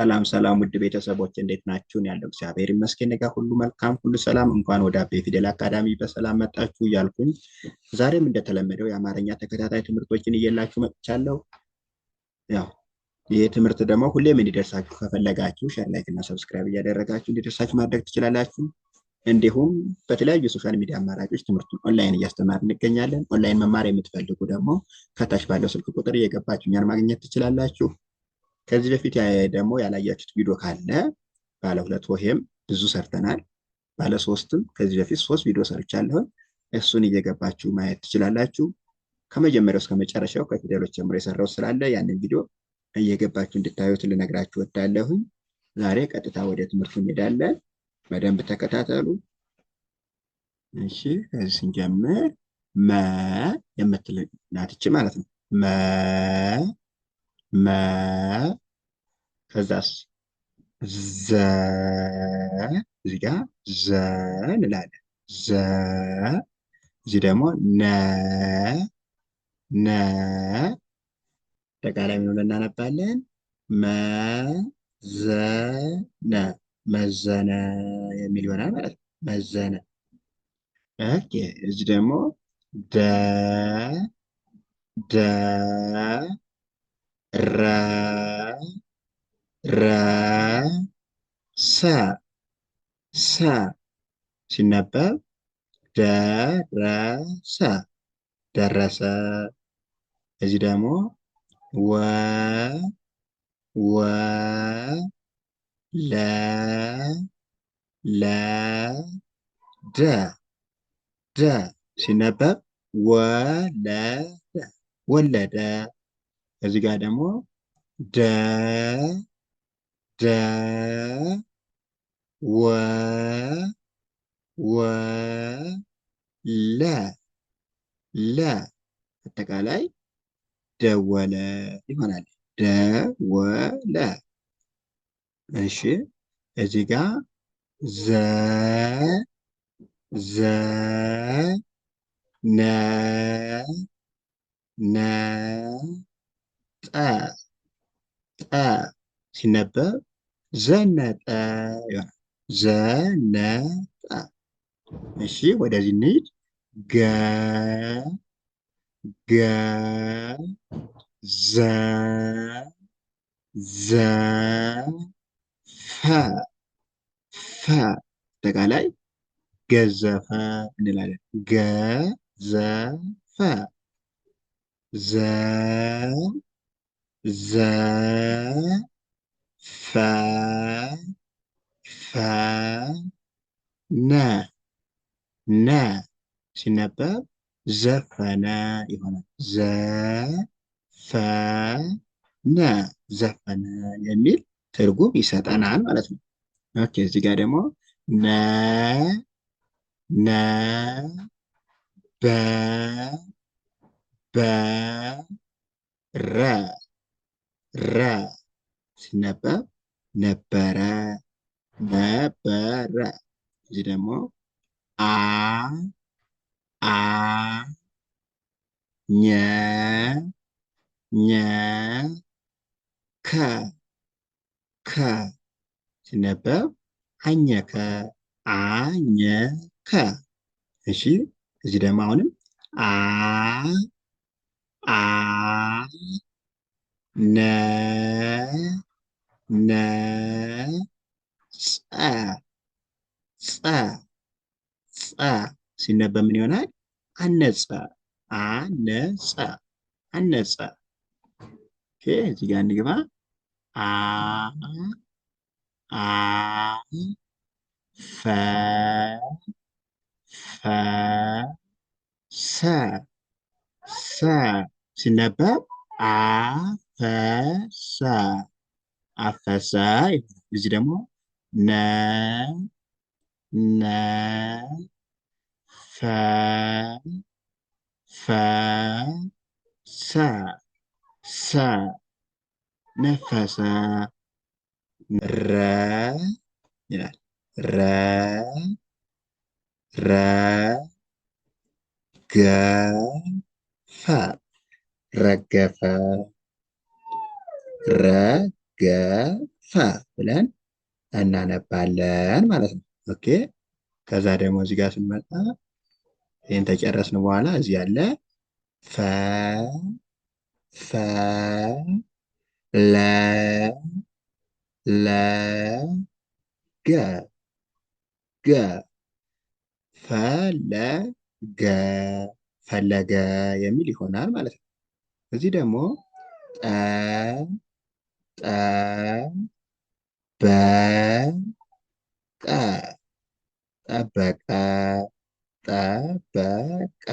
ሰላም ሰላም ውድ ቤተሰቦች እንዴት ናችሁን? ያለው እግዚአብሔር ይመስገን ጋር ሁሉ መልካም ሁሉ ሰላም። እንኳን ወደ አቤ ፊደል አካዳሚ በሰላም መጣችሁ እያልኩኝ ዛሬም እንደተለመደው የአማርኛ ተከታታይ ትምህርቶችን እየላችሁ መጥቻለሁ። ያው ይህ ትምህርት ደግሞ ሁሌም እንዲደርሳችሁ ከፈለጋችሁ ሸር፣ ላይክ እና ሰብስክራይብ እያደረጋችሁ እንዲደርሳችሁ ማድረግ ትችላላችሁ። እንዲሁም በተለያዩ ሶሻል ሚዲያ አማራጮች ትምህርቱን ኦንላይን እያስተማር እንገኛለን። ኦንላይን መማር የምትፈልጉ ደግሞ ከታች ባለው ስልክ ቁጥር እየገባችሁ እኛን ማግኘት ትችላላችሁ። ከዚህ በፊት ደግሞ ያላያችሁት ቪዲዮ ካለ ባለ ሁለት ወይም ብዙ ሰርተናል። ባለ ሶስትም ከዚህ በፊት ሶስት ቪዲዮ ሰርቻለሁን። እሱን እየገባችሁ ማየት ትችላላችሁ። ከመጀመሪያው እስከ መጨረሻው ከፊደሎች ጀምሮ የሰራው ስላለ ያንን ቪዲዮ እየገባችሁ እንድታዩት ልነግራችሁ ወዳለሁኝ። ዛሬ ቀጥታ ወደ ትምህርቱ እንሄዳለን። በደንብ ተከታተሉ። እሺ፣ ከዚህ ስንጀምር መ የምትል ናትች ማለት ነው መ መ ከዛስ ዘ እዚህ ጋ ዘ እንላለን። ዘ እዚህ ደግሞ ነ ነ አጠቃላይ ምን ብለን እናነባለን? ነ መዘነ የሚል ይሆናል ማለት ነው። መዘነ ኦኬ። እዚህ ደግሞ ደ ደ ረ ረ ሰ ሰ ሲነበብ ደረሰ ደረሰ። እዚህ ደግሞ ወ ወ ለ ለ ደ ደ ሲነበብ ወለደ ወለደ እዚህ ጋር ደግሞ ደ ደ ወ ወ ለ ለ አጠቃላይ ደወለ ይሆናል። ደወለ። እሺ እዚህ ጋር ዘ ዘ ነ ነ ጠ ሲነበብ ዘነጠ ይሆናል። ዘነጠ። እሺ ወደዚህ እንሂድ። ገ ገ ዘ ዘ ፈ ፈ አጠቃላይ ገዘፈ እንላለን። ገዘፈ ዘ ዘ ፈ ፈ ነ ነ ሲነበብ ዘፈነ ይሆናል። ዘ ፈ ነ ዘፈነ የሚል ትርጉም ይሰጠናል ማለት ነው። ኦኬ እዚህ ጋር ደግሞ ነ ነ በ በ ረ ረ ሲነበብ ነበረ ነበረ። እዚህ ደግሞ አ አ ኘ ኘ ከ ከ ሲነበብ አኘከ አኘከ። እሺ እዚህ ደግሞ አሁንም አ አ ነ ነ ጸ ጸ ጸ ሲነበብ ምን ይሆናል? አነጸ አነጸ አነጸ። ኦኬ እዚህ ጋር እንግባ። አ አ ፈ ፈ ሰ ሰ ሲነበብ አ Afasa. Afasa. Bisa demo. Na. Na. Fa. Fa. Sa. Sa. na Nafasa. Ra. Ya. Ra. Ra. Ga. Fa. Ra. Ga. Fa. ረገፈ ብለን እናነባለን ማለት ነው። ኦኬ ከዛ ደግሞ እዚህ ጋር ስንመጣ ይህን ተጨረስን በኋላ እዚህ ያለ ፈ ፈ ለ ለ ገ ገ ፈለገ ፈለገ የሚል ይሆናል ማለት ነው። እዚህ ደግሞ ጠ ጠ በ ቀ ጠበቀ ጠበቀ።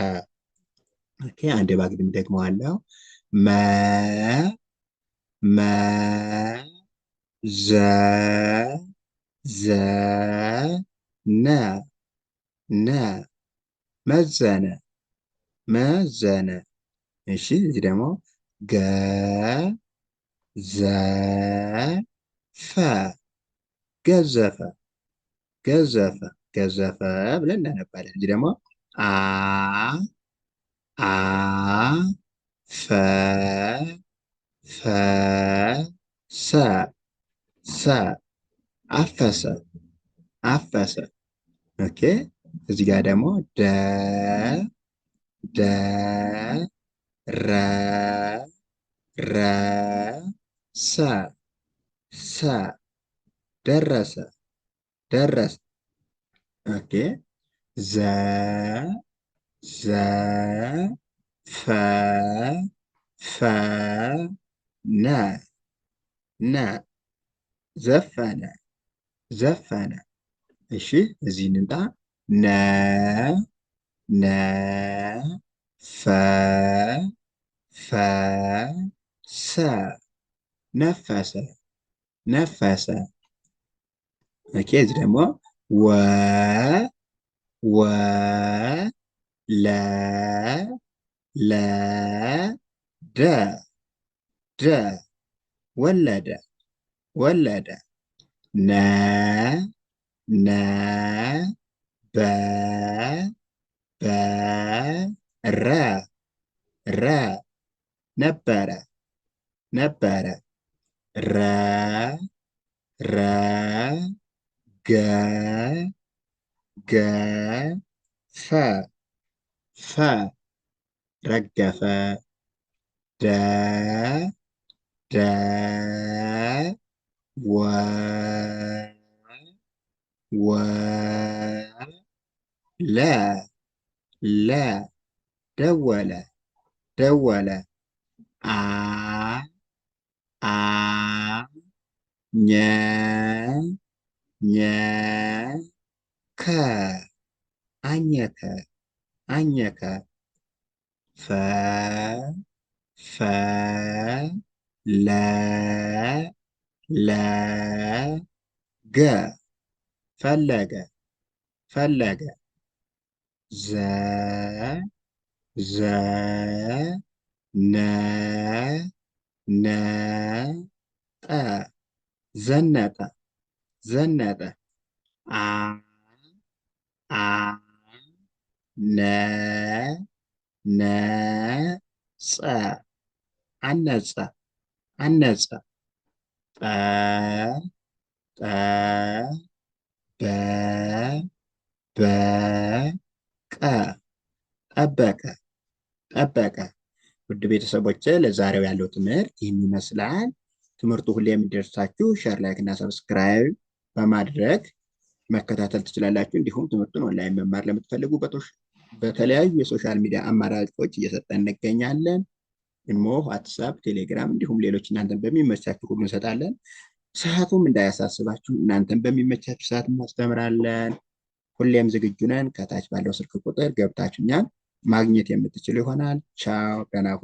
ኦኬ አንድ ባግድም ደግሞ አለው መ መ ዘ ዘ ነ ነ መዘነ መዘነ። እሺ እዚህ ደግሞ ገ ዘፈ ገዘፈ ገዘፈ ገዘፈ ብለን እናነባለን። እዚህ ደግሞ አ አ ፈ ፈ ሰ ሰ አፈሰ አፈሰ። ኦኬ እዚህ ጋር ደግሞ ደ ደ ረ ረ sa sa darasa daras oke za za fa fa na na zafana zafana እሺ እዚህ na na fa fa sa ነፈሰ ነፈሰ። ኦኬ እዚህ ደግሞ ወ ወ ለ ለ ደ ደ ወለደ ወለደ ነ ነ በ በ ረ ረ ነበረ ነበረ ረ ረ ገ ገ ፈ ፈ ረገፈ ደ ደ ወ ወ ለ ለ ደወለ ደወለ አ ኘ ኘ ከ አኘከ አኘከ ፈ ፈ ለ ለ ገ ፈለገ ፈለገ ዘ ዘ ነ ነ ጠ ዘነጠ ዘነጠ አ አ ነ ነ ጸ አነጸ አነጸ ጠ ጠ በ በ ቀ ጠበቀ ጠበቀ። ውድ ቤተሰቦች ለዛሬው ያለው ትምህርት ይህን ይመስላል። ትምህርቱ ሁሌ የሚደርሳችሁ ሸር፣ ላይክ እና ሰብስክራይብ በማድረግ መከታተል ትችላላችሁ። እንዲሁም ትምህርቱን ኦንላይን መማር ለምትፈልጉ በተለያዩ የሶሻል ሚዲያ አማራጮች እየሰጠን እንገኛለን። ኢሞ፣ ዋትሳፕ፣ ቴሌግራም እንዲሁም ሌሎች እናንተን በሚመቻችሁ ሁሉ እንሰጣለን። ሰዓቱም እንዳያሳስባችሁ እናንተን በሚመቻችሁ ሰዓት እናስተምራለን። ሁሌም ዝግጁ ነን። ከታች ባለው ስልክ ቁጥር ገብታችሁ እኛን ማግኘት የምትችሉ ይሆናል። ቻው፣ ደህና